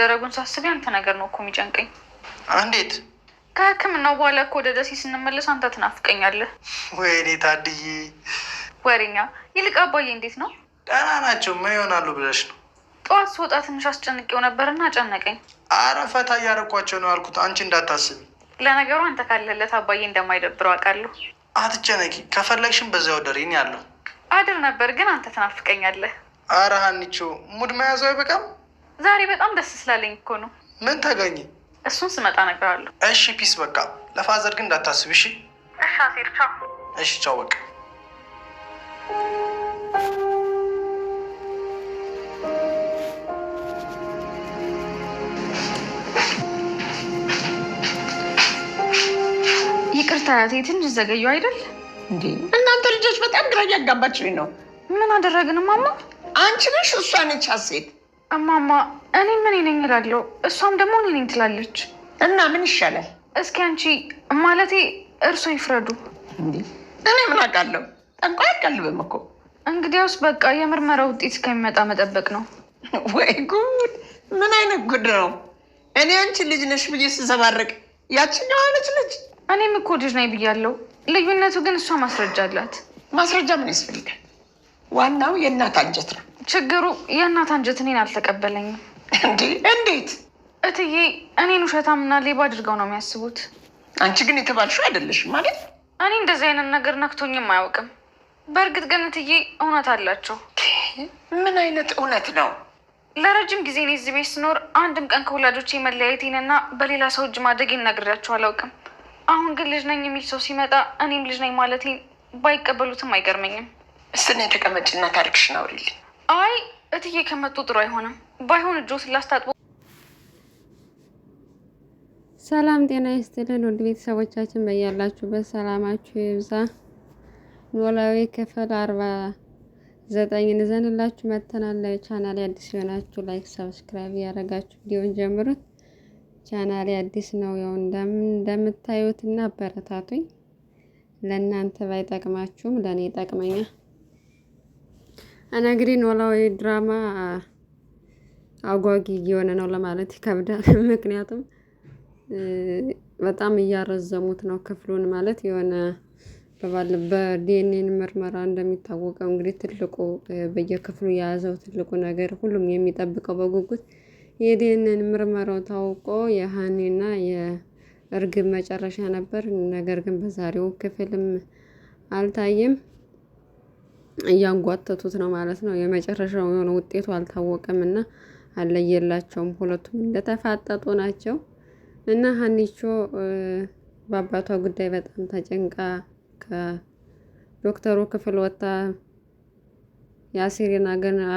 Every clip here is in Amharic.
ደረጉን ሳስብ አንተ ነገር ነው እኮ የሚጨንቀኝ። እንዴት? ከህክምናው በኋላ እኮ ወደ ደሴ ስንመለስ አንተ ትናፍቀኛለህ። ወይኔ ታድዬ ወሬኛ። ይልቅ አባዬ እንዴት ነው? ደህና ናቸው። ምን ይሆናሉ ብለሽ ነው? ጠዋት ስወጣ ትንሽ አስጨንቄው ነበርና አጨነቀኝ። አረ ፈታ እያረኳቸው ነው ያልኩት፣ አንቺ እንዳታስቢ። ለነገሩ አንተ ካለለት አባዬ እንደማይደብረው አውቃለሁ። አትጨነቂ፣ ከፈለግሽም በዚያው ደሬን ያለው አድር ነበር፣ ግን አንተ ትናፍቀኛለህ። አረ ሀኒቾ ሙድ መያዘው አይበቃም። ዛሬ በጣም ደስ ስላለኝ እኮ ነው። ምን ተገኘ? እሱን ስመጣ እነግርሃለሁ። እሺ ፒስ፣ በቃ ለፋዘር ግን እንዳታስብ እሺ። እሺ አሴር፣ ቻው። እሺ ቻው፣ በቃ ይቅርታ እህቴ፣ ትንሽ ዘገዩ አይደል? እንዴ እናንተ ልጆች በጣም ግራ ያጋባችሁኝ ነው። ምን አደረግን ማማ? አንቺ ነሽ እሷ ነች አሴት እማማ እኔ ምን ነኝ እላለሁ፣ እሷም ደግሞ እኔ ነኝ ትላለች። እና ምን ይሻላል? እስኪ አንቺ ማለቴ እርሶ ይፍረዱ። እኔ ምን አውቃለሁ? ጠንቋይ አይቀልብም እኮ። እንግዲያውስ በቃ የምርመራ ውጤት ከሚመጣ መጠበቅ ነው። ወይ ጉድ! ምን አይነት ጉድ ነው? እኔ አንቺ ልጅ ነሽ ብዬ ስዘባርቅ ያችኛው አይነች ልጅ። እኔም እኮ ልጅ ነኝ ብያለሁ። ልዩነቱ ግን እሷ ማስረጃ አላት። ማስረጃ ምን ያስፈልጋል? ዋናው የእናት አንጀት ነው። ችግሩ የእናት አንጀት እኔን አልተቀበለኝም። እንዴ እንዴት እትዬ፣ እኔን ውሸታምና ሌባ አድርገው ነው የሚያስቡት። አንቺ ግን የተባልሽው አይደለሽም ማለት። እኔ እንደዚህ አይነት ነገር ነክቶኝም አያውቅም። በእርግጥ ግን እትዬ እውነት አላቸው። ምን አይነት እውነት ነው? ለረጅም ጊዜ እኔ እዚህ ቤት ስኖር አንድም ቀን ከወላጆቼ መለያየቴንና በሌላ ሰው እጅ ማደጌን ነግሬያቸው አላውቅም። አሁን ግን ልጅ ነኝ የሚል ሰው ሲመጣ እኔም ልጅ ነኝ ማለቴን ባይቀበሉትም አይገርመኝም። እስኔ ተቀመጭና ታሪክሽን አውሪልኝ። አይ እትዬ ከመጡ ጥሩ አይሆንም። ባይሆን እጆ ስላስታጥቦ ሰላም ጤና ይስጥልን ውድ ቤተሰቦቻችን በያላችሁበት ሰላማችሁ ይብዛ። ኖላዊ ክፍል አርባ ዘጠኝ ንዘንላችሁ መተናል። ቻናል አዲስ የሆናችሁ ላይክ፣ ሰብስክራይብ ያደረጋችሁ ቪዲዮን ጀምሩት። ቻናል አዲስ ነው ያው እንደምታዩትና አበረታቱኝ። ለእናንተ ባይጠቅማችሁም ለእኔ ይጠቅመኛል። እና እንግዲህ ኖላዊ ድራማ አጓጊ እየሆነ ነው ለማለት ይከብዳል። ምክንያቱም በጣም እያረዘሙት ነው ክፍሉን ማለት የሆነ በዲኤንኤን ምርመራ እንደሚታወቀው እንግዲህ ትልቁ በየክፍሉ የያዘው ትልቁ ነገር ሁሉም የሚጠብቀው በጉጉት የዲኤንኤን ምርመራው ታውቆ የሀኔና የእርግብ መጨረሻ ነበር። ነገር ግን በዛሬው ክፍልም አልታየም። እያንጓተቱት ነው ማለት ነው። የመጨረሻው የሆነ ውጤቱ አልታወቀም እና አለየላቸውም። ሁለቱም እንደተፋጠጡ ናቸው እና ሀኒቾ በአባቷ ጉዳይ በጣም ተጨንቃ ከዶክተሩ ክፍል ወጥታ የአሲሪን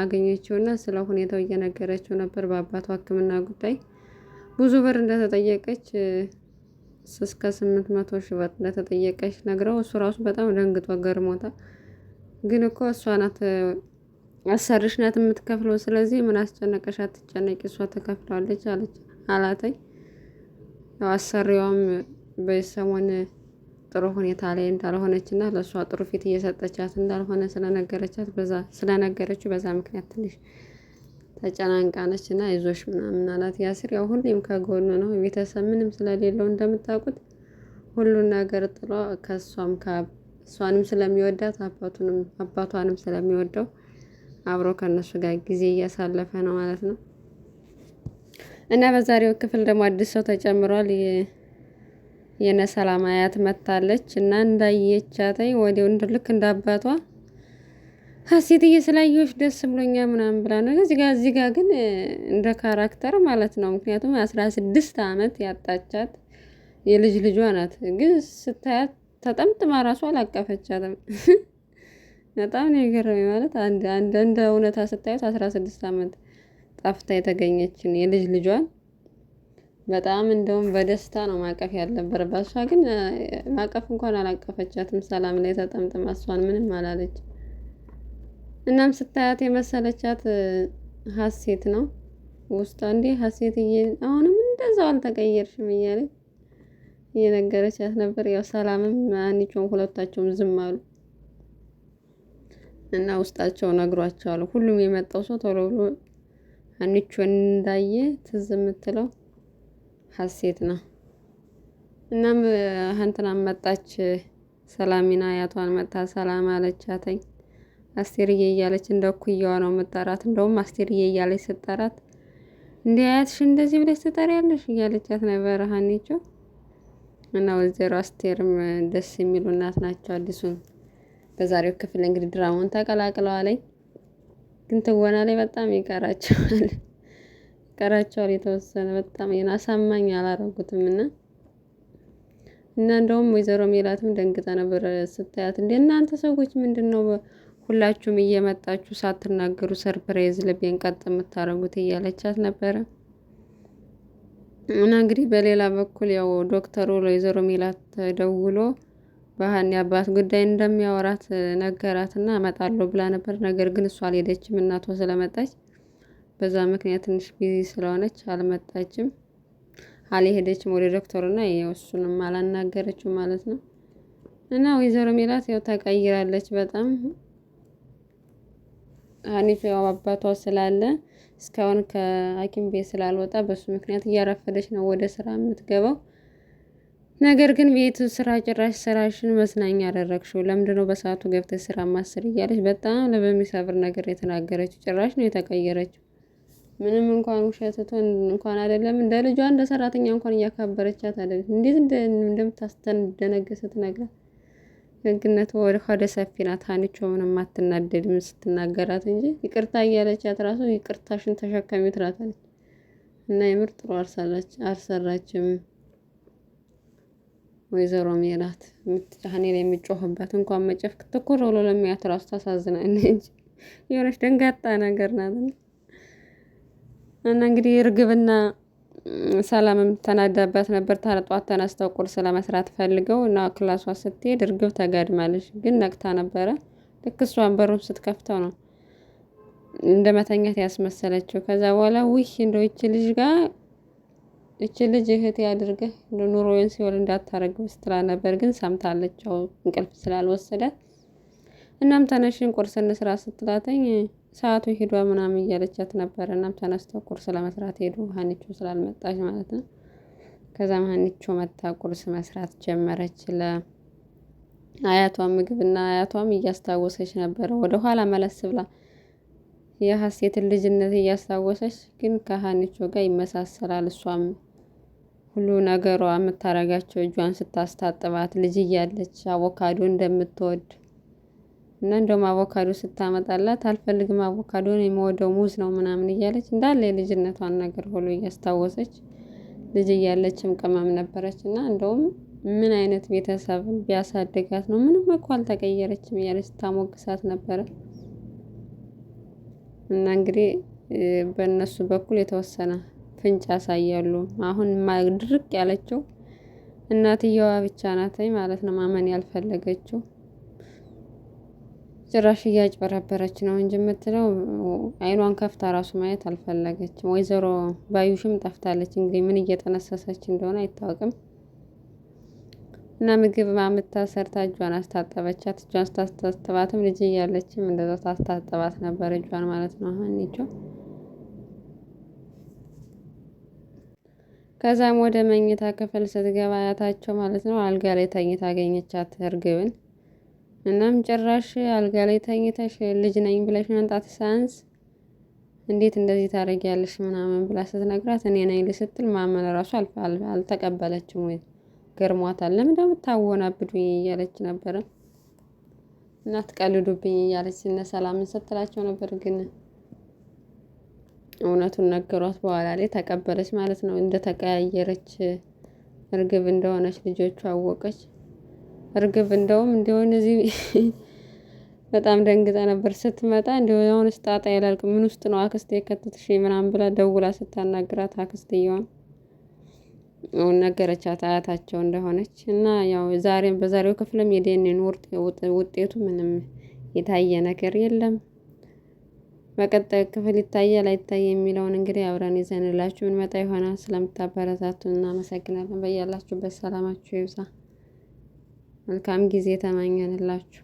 አገኘችው እና ስለ ሁኔታው እየነገረችው ነበር። በአባቷ ሕክምና ጉዳይ ብዙ ብር እንደተጠየቀች እስከ ስምንት መቶ ሺህ ብር እንደተጠየቀች ነግረው እሱ ራሱ በጣም ደንግጦ ገርሞታል። ግን እኮ እሷ ናት አሰርሽ ናት የምትከፍለው። ስለዚህ ምን አስጨነቀሽ? አትጨነቂ፣ እሷ ትከፍላለች አለች አላተኝ። ያው አሰሪዋም በሰሞን ጥሩ ሁኔታ ላይ እንዳልሆነች እና ለእሷ ጥሩ ፊት እየሰጠቻት እንዳልሆነ ስለነገረቻት በዛ ስለነገረችው በዛ ምክንያት ትንሽ ተጨናንቃነች እና ይዞሽ ምናምን አላት። ያው ሁሌም ከጎኑ ነው። ቤተሰብ ምንም ስለሌለው እንደምታውቁት ሁሉን ነገር ጥሎ ከእሷም እሷንም ስለሚወዳት አባቱንም አባቷንም ስለሚወደው አብሮ ከነሱ ጋር ጊዜ እያሳለፈ ነው ማለት ነው። እና በዛሬው ክፍል ደግሞ አዲስ ሰው ተጨምሯል። የነ ሰላም አያት መታለች እና እንዳየቻተኝ ወዲያው ልክ አባቷ ሀሴትዬ ስላየሁሽ ደስ ብሎኛል ምናምን ብላ ነው። እዚህ ጋር እዚህ ጋር ግን እንደ ካራክተር ማለት ነው። ምክንያቱም አስራ ስድስት አመት ያጣቻት የልጅ ልጇ ናት። ግን ስታያት ተጠምጥማ ራሱ አላቀፈቻትም። በጣም ነው የገረመኝ። ማለት አንድ እንደ እውነታ ስታዩት አስራ ስድስት ዓመት ጠፍታ የተገኘችን የልጅ ልጇን በጣም እንደውም በደስታ ነው ማቀፍ ያልነበረባት። እሷ ግን ማቀፍ እንኳን አላቀፈቻትም። ሰላም ላይ ተጠምጥማ እሷን ምንም አላለች። እናም ስታያት የመሰለቻት ሀሴት ነው ውስጧ እንዲህ ሀሴትዬ አሁንም እንደዛው አልተቀየርሽም እያለች እየነገረቻት ነበር። ያው ሰላምም አንቺውም ሁለታቸውም ዝም አሉ እና ውስጣቸው ነግሯቸዋል። ሁሉም የመጣው ሰው ቶሎ ብሎ አንቺ እንዳየ ትዝ የምትለው ሀሴት ነው። እናም እንትን መጣች ሰላሚና አያቷን መጣ ሰላም አለቻተኝ አስቴርዬ እያለች እንደ ኩያዋ ነው የምጠራት። እንደውም አስቴርዬ እያለች ስጠራት እንዲህ አያትሽ እንደዚህ ብለሽ ትጠሪያለሽ እያለቻት ነበረ ሀኒቾ እና ወይዘሮ አስቴርም ደስ የሚሉ እናት ናቸው። አዲሱን በዛሬው ክፍል እንግዲህ ድራማውን ተቀላቅለዋለኝ፣ ግን ትወና ላይ በጣም ይቀራቸዋል ይቀራቸዋል የተወሰነ በጣም አሳማኝ አላረጉትም እና እና እንደውም ወይዘሮ ሜላትም ደንግጣ ነበር ስታያት፣ እንደ እናንተ ሰዎች ምንድን ነው ሁላችሁም እየመጣችሁ ሳትናገሩ ሰርፕራይዝ ልቤን ቀጥ የምታደርጉት እያለቻት ነበረ። እና እንግዲህ በሌላ በኩል ያው ዶክተሩ ለወይዘሮ ሜላት ደውሎ በሀኒ አባት ጉዳይ እንደሚያወራት ነገራትና እመጣለሁ ብላ ነበር። ነገር ግን እሷ አልሄደችም፣ እናቷ ስለመጣች በዛ ምክንያት ትንሽ ቢዚ ስለሆነች አልመጣችም፣ አልሄደችም ወደ እና ያው እሱንም አላናገረችው ማለት ነው። እና ወይዘሮ ሜላት ያው ተቀይራለች በጣም ሀኒፍ አባቷ ስላለ እስካሁን ከሐኪም ቤት ስላልወጣ በሱ ምክንያት እያረፈደች ነው ወደ ስራ የምትገባው። ነገር ግን ቤት ስራ ጭራሽ ስራሽን መዝናኛ አደረግሽው፣ ለምንድነው በሰዓቱ ገብተ ስራ ማስር እያለች በጣም ለበሚሰብር ነገር የተናገረችው። ጭራሽ ነው የተቀየረችው። ምንም እንኳን ውሸትቶ እንኳን አይደለም እንደ ልጇ እንደ ሰራተኛ እንኳን እያካበረቻት አደለች። እንዴት እንደምታስተን ደነገሰ ትነግራት ደግነቱ ወደ ኋደ ሰፊ ናት። ሀኒቾ ምንም አትናደድም ስትናገራት እንጂ ይቅርታ እያለቻት ራሱ ይቅርታሽን ተሸከሚ ትላታለች። እና የምር ጥሩ አልሰራችም። ወይዘሮ ሜላት ሀኒ ላይ የሚጮህበት እንኳን መጨፍ ትኩር ብሎ ለሚያት ራሱ ታሳዝና እንጂ የሆነች ደንጋጣ ነገር ናት። እና እንግዲህ እርግብና ሰላምም ተናዳባት ነበር። ተረጧት ተነስተው ቁርስ ለመስራት ፈልገው እና ክላሷ ስትሄድ እርግብ ተጋድማለች፣ ግን ነቅታ ነበረ። ልክ እሷን በሩን ስትከፍተው ነው እንደ መተኛት ያስመሰለችው። ከዛ በኋላ ውህ እንደው ይቺ ልጅ ጋር ይቺ ልጅ እህት ያድርገህ ኑሮዬን ሲወል እንዳታረግ ስትላ ነበር፣ ግን ሰምታለች እንቅልፍ ስላልወሰደ እናም ተነሽን ቁርስ እንስራ ስትላተኝ ሰዓቱ ሄዷ ምናምን እያለቻት ነበር። እናም ተነስተው ቁርስ ለመስራት ሄዱ። ሀኒቾ ስላልመጣች ማለት ነው። ከዛም ሀኒቾ መታ ቁርስ መስራት ጀመረች ለአያቷም ምግብ እና አያቷም እያስታወሰች ነበረ ወደኋላ መለስ ብላ የሀሴትን ልጅነት እያስታወሰች ግን ከሀኒቾ ጋር ይመሳሰላል። እሷም ሁሉ ነገሯ የምታረጋቸው እጇን ስታስታጥባት ልጅ እያለች አቮካዶ እንደምትወድ እና እንደውም አቮካዶ ስታመጣላት አልፈልግም አቮካዶን የምወደው ሙዝ ነው ምናምን እያለች እንዳለ የልጅነቷን ነገር ሁሉ እያስታወሰች ልጅ እያለችም ቅመም ነበረች እና እንደውም ምን አይነት ቤተሰብ ቢያሳድጋት ነው ምንም እኮ አልተቀየረችም እያለች ስታሞግሳት ነበረ። እና እንግዲህ በእነሱ በኩል የተወሰነ ፍንጭ ያሳያሉ። አሁን ድርቅ ያለችው እናትየዋ ብቻ ናት ማለት ነው ማመን ያልፈለገችው። ጭራሽ እያጭበረበረች ነው እንጂ የምትለው አይኗን ከፍታ ራሱ ማየት አልፈለገችም። ወይዘሮ ባዩሽም ጠፍታለች። እንግዲህ ምን እየጠነሰሰች እንደሆነ አይታወቅም። እና ምግብ ማምታ ሰርታ እጇን አስታጠበቻት። እጇን ስታስታጠባትም ልጅ እያለችም እንደዛ ታስታጠባት ነበር፣ እጇን ማለት ነው ሀኒቾ። ከዛም ወደ መኝታ ክፍል ስትገባ ያታቸው ማለት ነው አልጋ ላይ ተኝታ አገኘቻት እርግብን። እናም ጭራሽ አልጋ ላይ ተኝተሽ ልጅ ነኝ ብለሽ መምጣት ሳያንስ እንዴት እንደዚህ ታደርጊያለሽ ምናምን ብላ ስትነግራት እኔ ነኝ ልስትል ማመን ራሱ አልተቀበለችም ወይ ገርሟታል። ለምን እንደምታወናብዱኝ እያለች ነበረ እና ትቀልዱብኝ እያለች እነ ሰላምን ስትላቸው ነበር ግን እውነቱን ነገሯት። በኋላ ላይ ተቀበለች ማለት ነው። እንደተቀያየረች እርግብ እንደሆነች ልጆቹ አወቀች። እርግብ እንደውም እንዲሆን እዚህ በጣም ደንግጣ ነበር ስትመጣ። እንዲሁ የሆነ ስጣጣ ይላል ምን ውስጥ ነው አክስቴ የከተትሽ ምናምን ብላ ደውላ ስታናግራት አክስትየዋን ነገረቻት አያታቸው እንደሆነች እና ያው ዛሬም በዛሬው ክፍልም የዲኤንኤን ውጤቱ ምንም የታየ ነገር የለም። በቀጣይ ክፍል ይታያል አይታይ የሚለውን እንግዲህ አብረን ይዘንላችሁ ምንመጣ ይሆናል። ስለምታበረታቱን እናመሰግናለን። በያላችሁበት ሰላማችሁ ይብዛ። መልካም ጊዜ ተመኘንላችሁ።